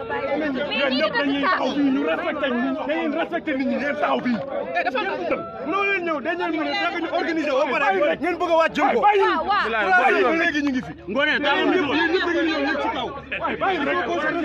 yéen ñëpp dañuy taxaw fii ñu respecté ñu dañuy respecté nit ñi ngeen taxaw fii. loolu leen ñëw dañ leen mën a fekk ñu organisé ba pare ngeen bëgg a wàcc jëm ko. waaw waaw léegi ñu ngi fi. ngoonee taxaw waaye bàyyi rek bàyyi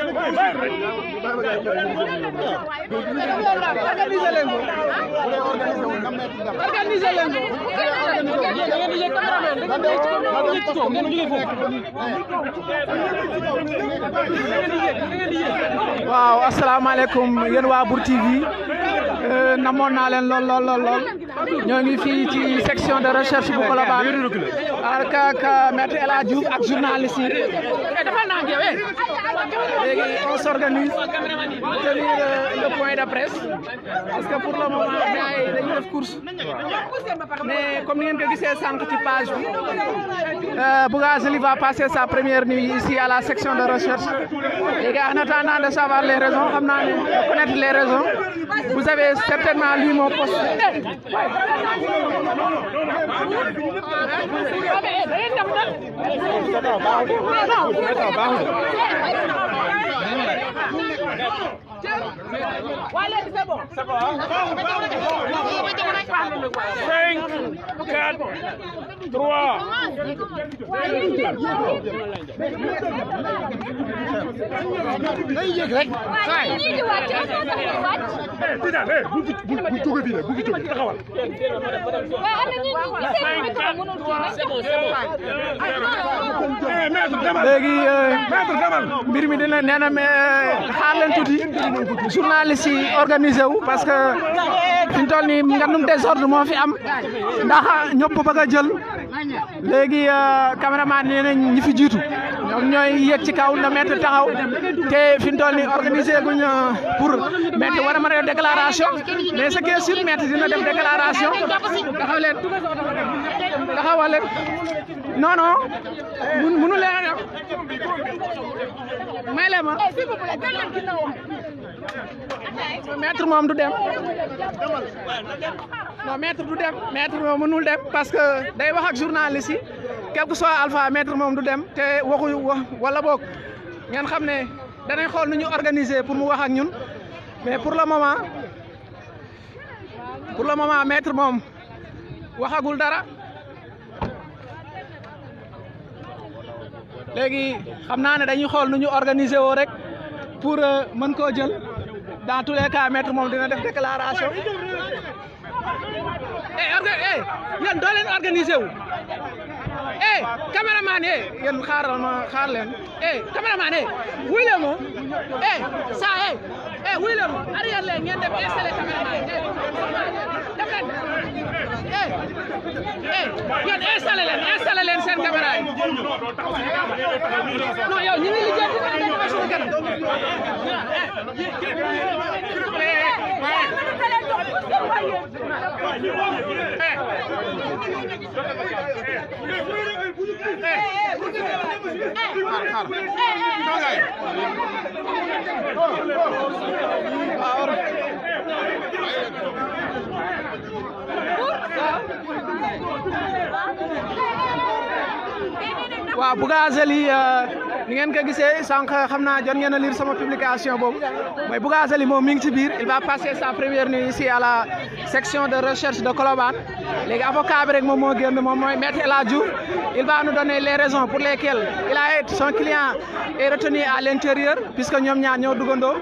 rek waa Mbour TV euh, namoon naa leen lool lool lool lool ñoo section de recherche bu Colobane ak ak euh, maître El Hadj Diouf ak journaliste yi menang ya, weh. Kamu organis. tenir eh, le point de presse parce que pour le moment il y a une course mais comme va passer sa première nuit ici à la section de recherche les gars de savoir les raisons les raisons vous avez certainement lu mon poste. Get Ouais, allez, c'est bon. C'est bon. Cinq, quatre, trois. day yéeg rek. waaw ñun ñii di wàcc yow soo tax ñu wàcc. bu bu bu jóge bi la bu fi jóge na ñun ñu seen mi na mais xaar journaliste si organisé wu parce que fi ñu toll ngandum désordre moo fi am ndax ñëpp bëgg a jël léegi euh, caméraman nee nañ ñi fi jiitu ñoom ñooy yéeg ci kaw na mettre taxaw te fi ñu toll nii organisé guñ euh, pour mettre war a mën a def déclaration mais ce qui est sûr mettre dina def déclaration taxaw leen taxawal leen non non a maître moom du dem non maître du dem maître moom mënul dem parce que day wax ak journaliste yi quel que soit alpha maître moom du dem te waxu wala boog ngeen xam ne danañ xool nu ñu organiser pour mu wax ak ñun mais pour le moment pour le moment maître moom waxagul dara léegi xam naa ne dañuy xool nu ñu organiser woo rek pour euh, mën koo jël dans tous les cas maître moom dina def déclaration eh orga eh yan doo leen organiser eh caméraman eh yéen xaaral ma xaar leen eh caméraman eh wuy leen ma eh ça eh eh wuy leen ma arrière leen ngeen dem installé caméraman eh def leen eh eh ngeen installé leen installé leen seen caméra yi non yow ñu ngi liggéey Com a bugazelia. ni ngeen ko gisee sànq xam naa lire sama publication boobu mooy Bouga Zali mi ngi il va passer sa première nuit ici à la section de recherche de Colobane Les avocats, bi rek il va nous donner les raisons pour lesquelles il a été son client et retenu à l'intérieur puisque ñom ñaar ñoo duggandoo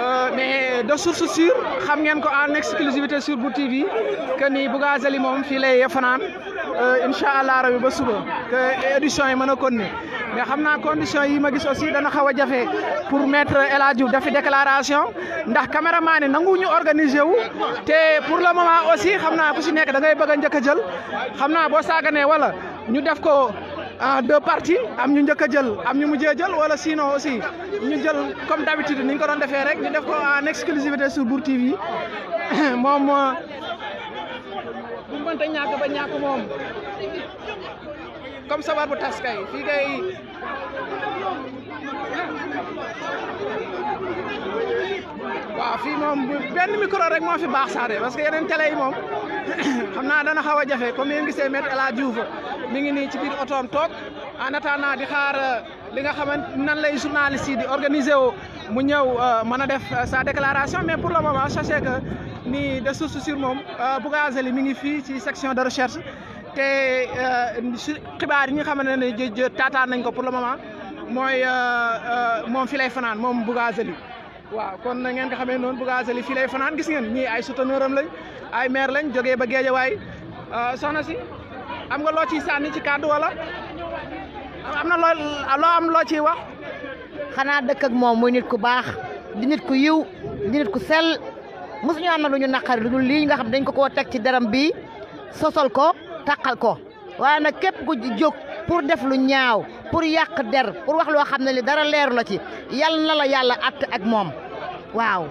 euh, mais de source sûre xam ngeen ko en exclusivité sur Bou TV que ni Bouga mom fi lay yefanan euh, incha allah rabi ba suba que édition yi mën mais xamna condition yi ma gis aussi dana xawa a pour mettre eladiou da fi déclaration ndax ni nangou ñu organiser wu té pour le moment aussi xamna ku ci nek da ngay bëgg a jël xamna bo sagané wala ñu def ko en deux parties am ñu ñëk a jël am ñu mujjé jël wala sino aussi ñu jël comme d'habitude ni ñu ko doon défé rek ñu def ko en exclusivité sur Bour TV moom bu mënta ñàkk ba ñàkk mom comme sabar bu tas fii kay waaw fii moom benn micro rek moo fi baax sax parce que yeneen télé yi moom xam naa dana xaw a jafe comme yéen gisee Maître El mi ngi nii ci biir otoom toog en di xaar euh, li nga xamante nan lay journaliste yi di organiser wu mu ñëw euh, mën a def euh, sa déclaration mais pour le moment sachez que ni de source sûre moom Bougazelli mi ngi fii si section de recherche. te euh, si xibaar yi nga xamante ne jë taataan nañ ko pour le moment mooy euh, euh, moom fi lay fanaan moom Bougazelli waaw kon na ngeen xamee noonu Bougazelli fii lay fanaan gis ngeen ñii ay souteneur am lañ ay maire lañ jógee ba waay soxna si am nga loo ciy sànni ci kàddu wala am na loo loo am loo ciy wax. xanaa dëkk ak moom muy nit ku baax di nit ku yiw di nit ku sell mosuñu am na lu ñu naqari lu dul lii nga xam dañ ko ko teg ci daram bi sosol ko. takal ko waaye nag képp ku jóg pour def lu ñaaw pour yak der pour wax lo xamne li dara leer la ci yal na la yàlla att ak mom waaw.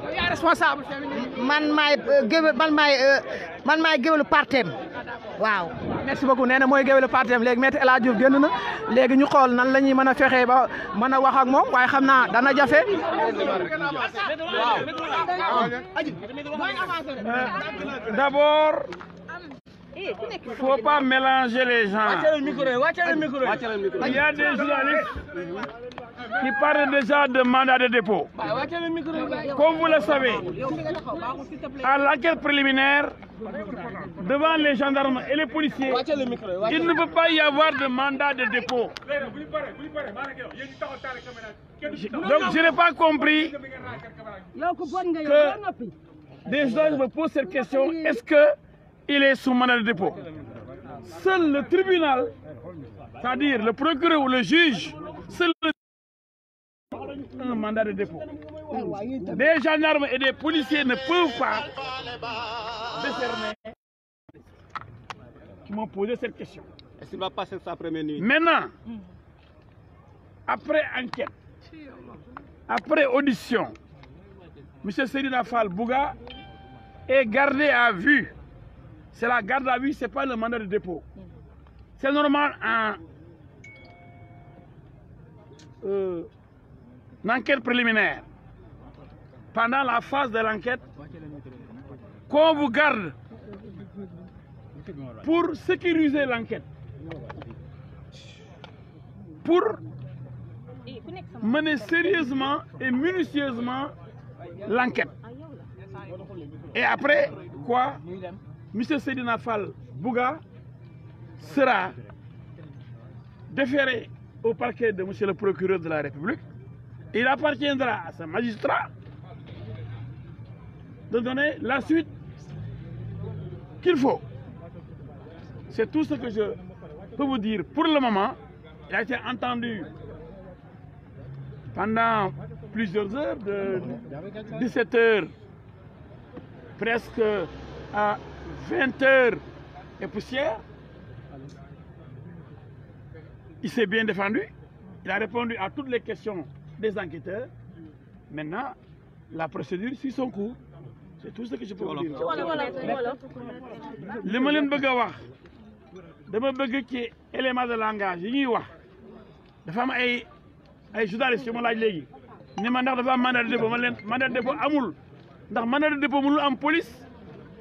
man may géwél man may man may géwélu partem waaw. merci beaucoup neena moy mooy géwélu parteem léegi Maître El Diouf génn na léegi ñu xol nan lañuy mëna fexé ba mëna wax ak mom waye xamna dana jafe. d'abord. Il ne faut pas mélanger les gens. Il y a des journalistes qui parlent déjà de mandat de dépôt. Comme vous le savez, à l'enquête préliminaire, devant les gendarmes et les policiers, il ne peut pas y avoir de mandat de dépôt. Donc je n'ai pas compris que des gens me posent cette question. Est-ce que il est sous mandat de dépôt. Seul le tribunal, c'est-à-dire le procureur ou le juge, seul le un mandat de dépôt. Des gendarmes et des policiers ne peuvent pas décerner. qui m'ont posé cette question. Est-ce qu'il va passer sa après nuit Maintenant, après enquête, après audition, M. Serina Fall Bouga est gardé à vue c'est la garde à vue, ce n'est pas le mandat de dépôt. C'est normal en hein. euh, enquête préliminaire, pendant la phase de l'enquête, qu'on vous garde pour sécuriser l'enquête, pour mener sérieusement et minutieusement l'enquête. Et après quoi monsieur Seydina Fall Bouga sera déféré au parquet de monsieur le procureur de la République. Il appartiendra à ce magistrat de donner la suite qu'il faut. C'est tout ce que je peux vous dire pour le moment. Il a été entendu pendant plusieurs heures, de 17 heures presque à 20 heures et poussière. Il s'est bien défendu. Il a répondu à toutes les questions des enquêteurs. Maintenant, la procédure suit son cours. C'est tout ce que je peux vous dire. li ma Begawa, bëgg a wax dama bëgg ci élément de langage yi ñuy wax dafa am ay ay journalistes yu laaj ni ndax mandat de dépôt mandat de dépôt amul mandat de dépôt am police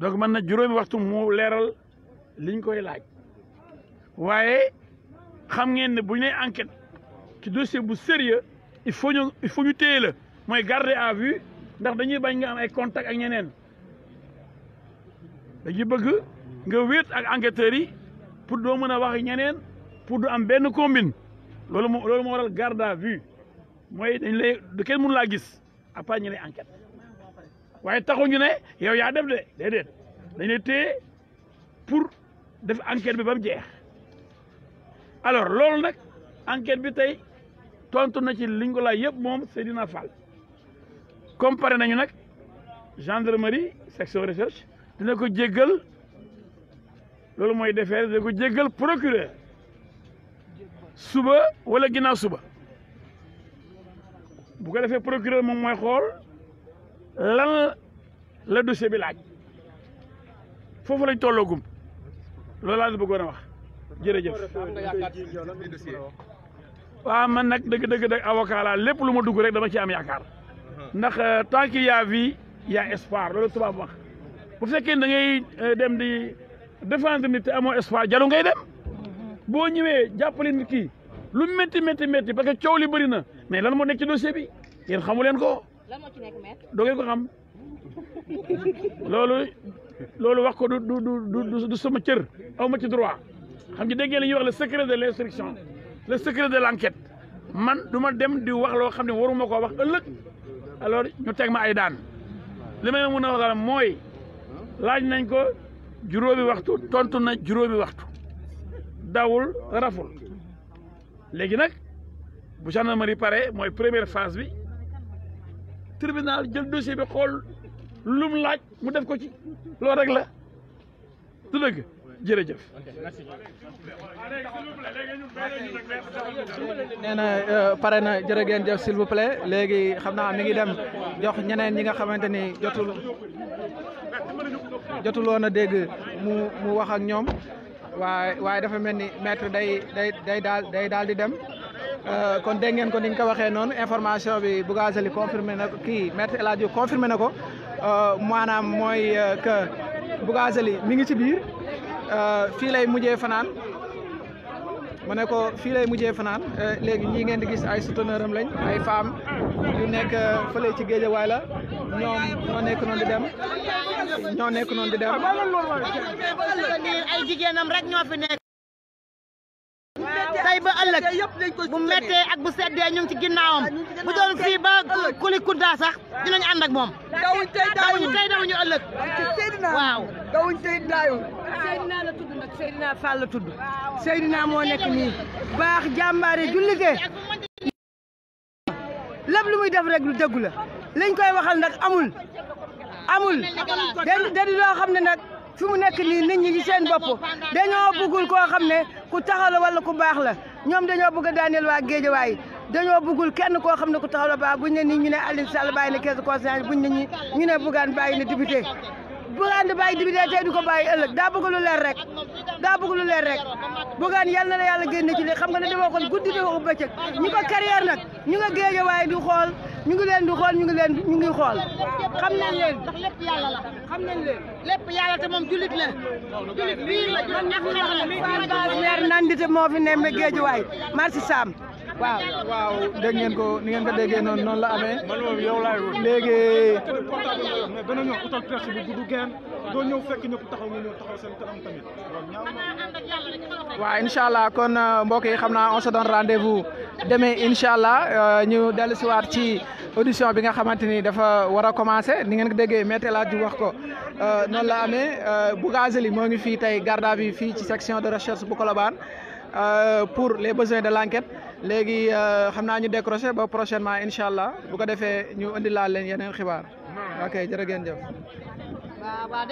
donc mën na juróomi waxtu mu leeral liñ koy laaj waaye xam ngeen ne bu ñu nee enquête ci dossier bu sérieux il faut ñu il ñu téye la mooy garder à vue ndax dañuy bañ nga am ay contact ak ñeneen dañuy bëgg nga wéet ak enquêteurs yi pour doo mën a wax ñeneen pour du am benn combine loolu moo loolu moo waral garde à vue mooy dañ lay kenn mënu laa gis à part ñu lay enquête waaye taxuñu ne yow yaa def de déedéet dañ ne téye pour def enquête bi ba mu jeex alors loolu nag enquête bi tey tontu na ci lingolaay yëpp moom Seydina Fall comparé nañu nag gendarmerie section recherche dina ko jéggal loolu mooy defeere dina ko jéggal procureur suba wala ginnaaw suba bu ko defee procureur moom mooy xool lan la dossier bi laaj foofu lañ tolloogum loolu laa bëggoon a wax jërëjëf. waaw man nag dëgg dëgg da avocat lépp lu ma dugg rek dama ci am yaakaar ndax euh, tant qu'il y a vie y a espoir loolu tubaab wax bu fekkee da ngay euh, dem di défendre nit te amoo espoir jalu ngay dem boo ñëwee jàppale nit kii lu métti métti métti parce que coow li bari na mais lan moo nekk ci dossier bi yéen xamu leen ko. doo ngeen ko xam loolu loolu wax ko du du sama cër aw ma ci droit xam nga dégg ngeen li ñuy wax le secret de l' instruction le secret de l' man du ma dem di wax loo xam ne waruma koo wax ëllëg alors ñu teg ma ay daan li may mën a wax daal mooy laaj nañ ko juróomi waxtu tontu na juróomi waxtu dawul raful léegi nag bu gendarmerie pare mooy première phase bi. tribunal jël dossier bi xool lu laaj mu def ko ci loolu rek la du dëgg jërëjëf. nee na euh, pare na jërë ngeen jëf s'il vous plaît léegi xam naa mi ngi dem jox ñeneen ñi nga xamante ni jotul jotul dégg mu mu wax ak ñoom waaye waaye dafa mel ni maître day day day daal day daal di dem. Euh, kon dégg ngeen ko ni ñu ko waxee noon information bi Bougazelli confirmé na ko kii maître El Hadji na ko euh, maanaam mooy euh, que Bougazelli mi ngi ci biir fii lay mujjee fanaan mu ne ko fii lay mujjee fanaan léegi ñii ngeen di gis ay souteneur am lañ ay femmes yu nekk fële ci Géejawaay la ñoom ñoo nekk noonu di dem ñoo nekk noon di dem ay jigéenam rek ñoo fi nekk tey ba ëllëg bu méttee ak bu seddee ñu ngi ci ginnaawam ah, bu doon fii ba ah. kuli kunta sax dinañ moom dawuñ tey dawuñu ëllëg waaw dawuñ tey daayul Seydina la tudd nag Seydina Fall la tudd Seydina moo nekk nii baax jàmbaare jullite lépp lu muy def rek lu dëggu la liñ koy waxal nag amul amul da di loo xam ne nag fi mu nekk nii nit ñi ci seen bopp dañoo bëggul koo xam ne ku taxaw la wala ku baax la ñoom dañoo bëgg a daaneel waa géejawaay dañoo bëggul kenn koo xam ne ku taxaw la ba buñ ne nii ñu ne Aliou Sall bàyyi na caisse de conscience buñ ne ñi ñu ne Bougane bàyyi na député Bougane tey di ko ëllëg daa bëgg lu leer rek daa bëgg lu leer rek Bougane yal na yalla yàlla génne ci li xam nga ne damoo kon guddi doo ko bëccëg ñi ko carrière nag ñu nga géejawaay du xool ñu ngi leen di xool ñu ngi leen ñu ngi xool xam nañ leen ndax lépp yàlla la xam nañ leen lépp yàlla te moom julit la julit ne me waay marché Sam waaw waaw dégg ngeen ko ni ngeen ko déggee noonu noonu la ame léegi mais dana ñëw utal presse ñëw fekk ñëpp taxaw nga waaw incha allah kon euh, mbokk xam naa on se donne demee incha allah euh, ñu dellu si ci audition bi nga xamante ni dafa war a commencé ni ngeen ko déggee métélaat ji wax ko euh, noonu la amee euh, Bougazelli moo ngi fii tey garde à vue fii ci section de recherche bu Colobane pour les besoins de l' enquête léegi xam naa ñu décroché bo prochainement incha allah bu ko defee ñu indi laal leen yeneen xibaar ok jërë ngeen